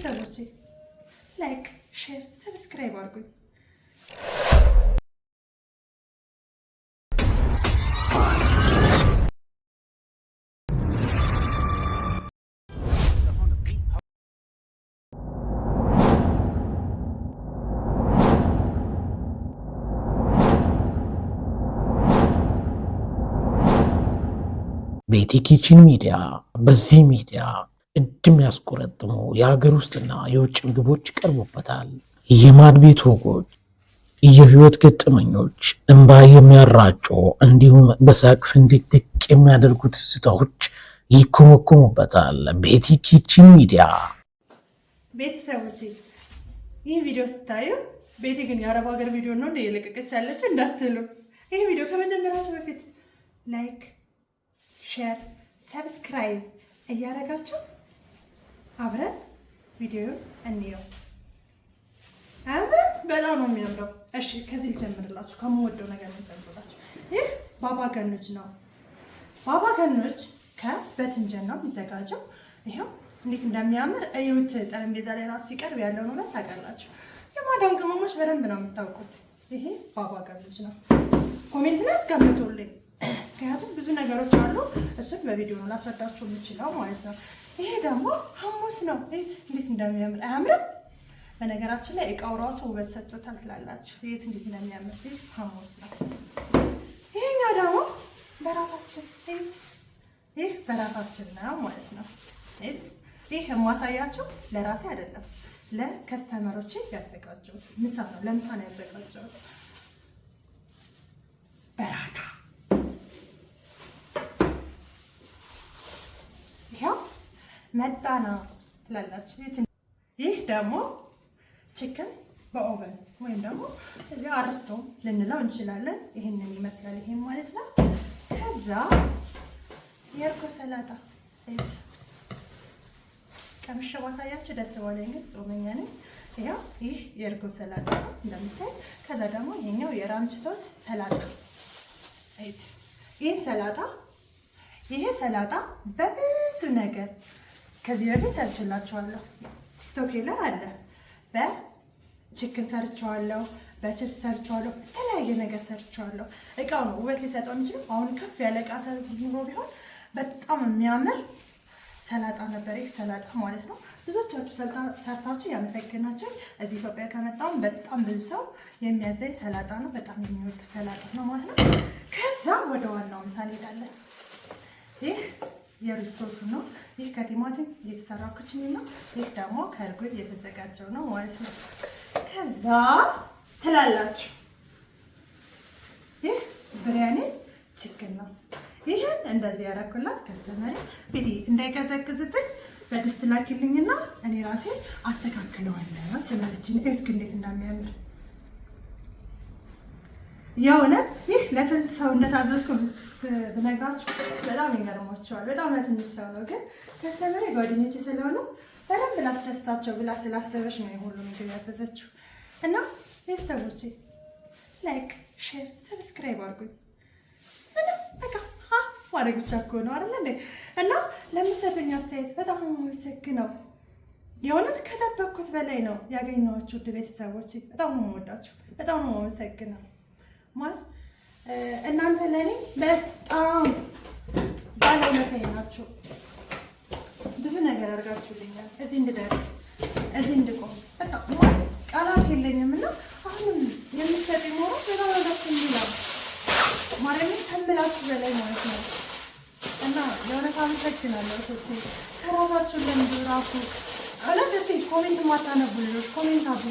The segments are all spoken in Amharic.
Dogeology. Like, share, subscribe oricui. ቤቲ ኪችን ሚዲያ በዚህ ሚዲያ እጅ የሚያስቆረጥሙ የሀገር ውስጥና የውጭ ምግቦች ይቀርቡበታል። የማድ ቤት ወጎች፣ የህይወት ገጠመኞች፣ እንባ የሚያራጩ እንዲሁም በሳቅ ፍንድቅድቅ የሚያደርጉት ትዝታዎች ይኮመኮሙበታል። ቤቲ ኪችን ሚዲያ ቤተሰቦች ይህ ቪዲዮ ስታዩ ቤቴ ግን የአረብ ሀገር ቪዲዮ ነው እንደ የለቀቀች ያለች እንዳትሉ፣ ይህ ቪዲዮ ከመጀመራችሁ በፊት ላይክ፣ ሼር፣ ሰብስክራይብ እያደረጋችሁ አብረን ቪዲዮ እንየው። አምር በጣም ነው የሚያምረው። እሺ ከዚህ ልጀምርላችሁ። ከምወደው ነገር ልጀምርላችሁ። ይህ ባባ ገኖች ነው። ባባ ገኖች ከበትንጀን ነው የሚዘጋጀው። ይኸው እንዴት እንደሚያምር እዩት። ጠረጴዛ ላይ ራሱ ሲቀርብ ያለውን ውበት ታውቃላችሁ። የማዳም ቅመሞች በደንብ ነው የምታውቁት። ይሄ ባባ ገኖች ነው። ኮሜንት ላይ አስቀምጡልኝ። ምክንያቱም ብዙ ነገሮች አሉ። እሱን በቪዲዮ ነው ላስረዳችሁ የምችለው ማለት ነው። ይሄ ደግሞ ሐሙስ ነው። የት እንዴት እንደሚያምር አያምርም? በነገራችን ላይ እቃው ራሱ ውበት ሰጥቶታል ትላላችሁ። የት እንዴት እንደሚያምር ይህ ሐሙስ ነው። ይሄኛው ደግሞ በራፋችን ቤት ይህ በራሳችን ነው ማለት ነው። ይህ የማሳያቸው ለራሴ አይደለም፣ ለከስተመሮች ያዘጋጀሁት ምሳ ነው። ለምሳ ነው ያዘጋጀሁት። መጣና ነው ቤት ይህ ደግሞ ችክን በኦቨን ወይም ደግሞ አርስቶ ልንለው እንችላለን። ይህንን ይመስላል። ይሄን ማለት ነው። ከዛ የእርጎ ሰላጣ ቀምሼ ማሳያችሁ ደስ ባለኝ፣ ግን ጾመኛ ነኝ። ያው ይህ የእርጎ ሰላጣ ነው እንደምታይ። ከዛ ደግሞ ይሄኛው የራንች ሶስ ሰላጣ ይህ ሰላጣ ይሄ ሰላጣ በብዙ ነገር ከዚህ በፊት ሰርችላችኋለሁ። ቲክቶኬ ላይ አለ። በችክን ሰርችዋለሁ፣ በችፕስ ሰርችዋለሁ፣ የተለያየ ነገር ሰርችዋለሁ። እቃው ነው ውበት ሊሰጠው የሚችለው። አሁን ከፍ ያለ እቃ ኑሮ ቢሆን በጣም የሚያምር ሰላጣ ነበር። ይህ ሰላጣ ማለት ነው። ብዙዎቻችሁ ሰርታችሁ ያመሰግናቸው። እዚህ ኢትዮጵያ ከመጣሁ በጣም ብዙ ሰው የሚያዘኝ ሰላጣ ነው። በጣም የሚወዱ ሰላጣ ነው ማለት ነው። ከዛ ወደ ዋናው ምሳሌ ሄዳለን። ይህ የሩዝ ሶሱ ነው። ይህ ከቲማቲም የተሰራው ነው። ይህ ደግሞ ከእርጎ የተዘጋጀው ነው ማለት ነው። ከዛ ትላላችሁ ይህ ብሪያኒ ችግር ነው። ይህን እንደዚህ ያደረኩላት ከስተመሪ ቤቴ እንዳይቀዘቅዝብኝ በድስት ላኪልኝና እኔ ራሴ አስተካክለዋለሁ። ስመርችን እዩት እንዴት እንደሚያምር የእውነት ይህ ለስንት ሰው እንደታዘዝኩ ብነግራችሁ በጣም ይገርማቸዋል። በጣም ለትንሽ ሰው ነው፣ ግን ከስተመሪ ጓደኞች ስለሆኑ በደንብ ላስደስታቸው ብላ ስላሰበች ነው የሁሉ ምግብ ያዘዘችው። እና ቤተሰቦቼ ላይክ፣ ሼር፣ ሰብስክራይብ አድርጉኝ። በቃ ማድረግ ብቻ እኮ ነው አይደለ እንዴ? እና ለምትሰጡኝ አስተያየት በጣም የማመሰግነው የእውነት ከጠበቅኩት በላይ ነው ያገኘኋችሁ። ውድ ቤተሰቦቼ በጣም ነው የምወዳችሁ። በጣም ነው የማመሰግነው። ማለት እናንተ ለእኔ በጣም ባለውለታዬ ናችሁ። ብዙ ነገር አድርጋችሁልኛል፣ እዚህ እንድደርስ፣ እዚህ እንድቆም በጣም ማለት ቃላት የለኝም እና አሁንም የምትሰጥ ሆኖ በጣም ደስ የሚላል ማርያምን ከምላችሁ በላይ ማለት ነው እና የእውነት አመሰግናለሁ። ቶቼ ከራሳችሁ ለምዱ ራሱ አላ ደስ ኮሜንት ማታነቡ ልጆች ኮሜንት አቡ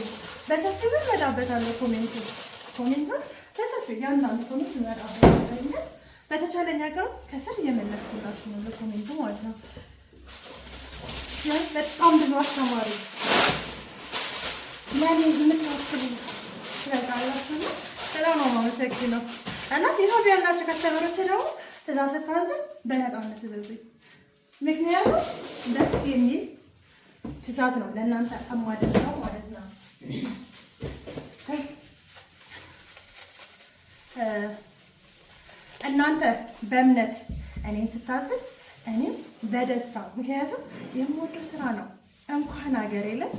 በሰፊ ምን መጣበታለሁ ኮሜንቱ ኮሜንቱ ከስር እያንዳንዱ ኮሜንት መራሁ ይመስለኛል። በተቻለኝ አቅም ከስር እየመለስኩላችሁ ነው ለኮሜንቱ ማለት ነው። በጣም ብዙ አስተማሪ ለእኔ የምታስቡ ስለቃላችሁ ነው። በጣም ነው የማመሰግነው እና ኢትዮጵያ ያላችሁ ከስተመሮች ደግሞ ትዕዛዝ ስታዘ በነፃነት እዘዙኝ። ምክንያቱም ደስ የሚል ትዕዛዝ ነው ለእናንተ ነው ማለት ነው። እናንተ በእምነት እኔን ስታስብ እኔም በደስታ ምክንያቱም የምወደው ስራ ነው። እንኳን ሀገር ላይ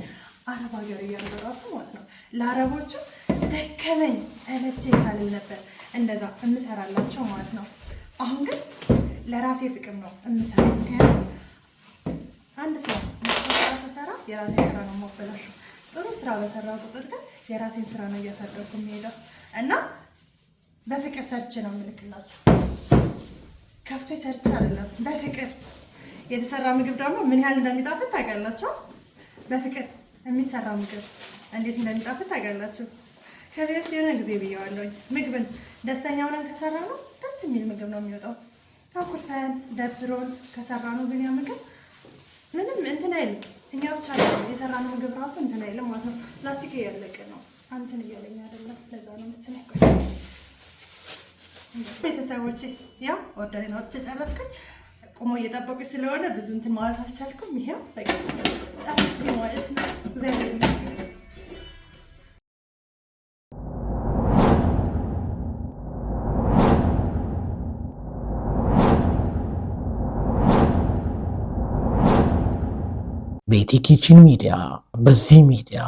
አረብ ሀገር እያለ ራሱ ማለት ነው ለአረቦቹ ደከመኝ ሰለቼ ሳልል ነበር እንደዛ እምሰራላቸው ማለት ነው። አሁን ግን ለራሴ ጥቅም ነው እምሰራ። ምክንያቱም አንድ ስራ ስራ ስሰራ የራሴን ስራ ነው የማበላሸው። ጥሩ ስራ በሰራ ቁጥር ግን የራሴን ስራ ነው እያሳደርኩ የሚሄደው እና በፍቅር ሰርቼ ነው የምልክላችሁ። ከፍቶ ሰርቼ አይደለም፣ በፍቅር የተሰራ ምግብ ደግሞ ምን ያህል እንደሚጣፍጥ ታውቃላችሁ። በፍቅር የሚሰራ ምግብ እንዴት እንደሚጣፍጥ ታውቃላችሁ። ከዚህ የሆነ ጊዜ ብየዋለሁኝ፣ ምግብን ደስተኛ ሆነን ከሰራ ነው ደስ የሚል ምግብ ነው የሚወጣው። አኩርፈን ደብሮን ከሰራ ነው ግን ያ ምግብ ምንም እንትን አይልም። እኛ ብቻ ነው ምግብ ራሱ እንትን አይልም ማለት ነው። ላስቲክ እያለቀ ነው አንትን እያለኝ አይደለም። ለዛ ነው ምስል ቤተሰቦች ያው ኦርደር አውጥቼ ጨረስኩኝ። ቁሞ እየጠበቁ ስለሆነ ብዙ እንትን ማለት አልቻልኩም። ይሄው በቃ ጨረስኩ ማለት ነው። እግዚአብሔር ይመስገን። ቤቲ ኪችን ሚዲያ በዚህ ሚዲያ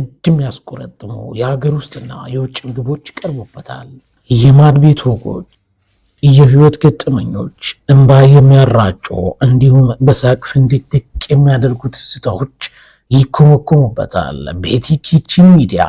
እድም ያስቆረጥሙ የሀገር ውስጥና የውጭ ምግቦች ይቀርቡበታል። የማድ ቤት ወጎች፣ የህይወት ገጠመኞች እንባ የሚያራጩ እንዲሁም በሳቅ ፍንድቅድቅ የሚያደርጉት ስታዎች ይኮመኮሙበታል። ቤቲ ኪቺን ሚዲያ